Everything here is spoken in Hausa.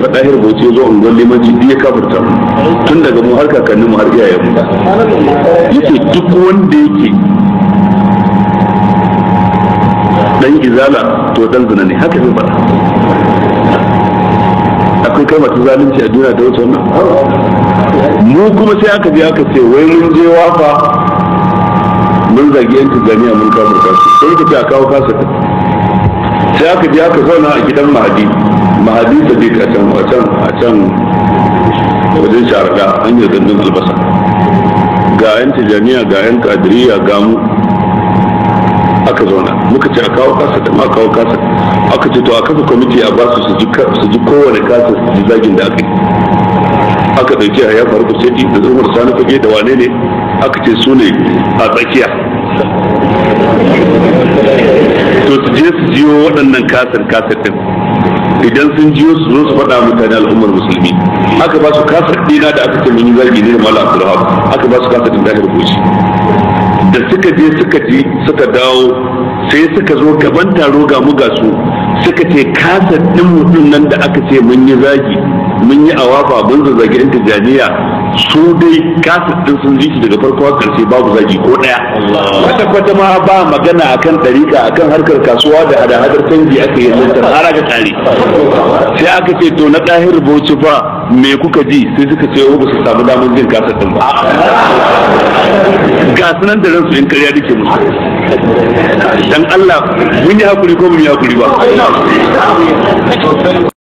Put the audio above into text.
faɗa hir bauchi zo in gwal limanci ya kafarta tun daga mu har kakannin mu har iyayen mu yace duk wanda yake dan izala to dan zina ne haka zai faɗa akwai kai masu zalunci a duniya da wata wannan mu kuma sai aka je aka ce wai mun je wafa mun zagi yan tijaniya mun kafirta su sai ka ce a kawo kasa sai aka je aka zauna a gidan mahadi mahadi sadiq a can a can a can wajen sharada hanyar gandun albasa ga yan tijaniya ga yan kadiriya ga mu aka zauna muka ce a kawo kasa da ma kawo kasa aka ce to a kafa kwamiti a ba su su ji kowane kasa su ji zagin da aka yi aka ɗauki a yafar sai da zumar sani fage da wane ne aka ce su ne a tsakiya kasir kasir din idan sun jiyo su zo su faɗa mutane al'ummar musulmi aka ba su kasir dina da aka ce mun yi zargi ne da malam abdulhab aka ba su kasir din da aka rubuce da suka je suka ji suka dawo sai suka zo gaban taro ga mu ga su suka ce kasar din mutum nan da aka ce mun yi zagi mun yi awafa mun zazzagi yan tijjaniya su dai kasu din sun ji daga farko har karshe babu zagi ko daya wata kwata ma ba magana akan dariƙa akan harkar kasuwa da hada-hadar canji aka yi lantar har aka tare sai aka ce to na ɗahir bauchi ba me kuka ji sai suka ce oh, ba su samu damar jin kasa din ba ga sunan da ransu in karya dake musu dan Allah mun yi hakuri ko mun yi hakuri ba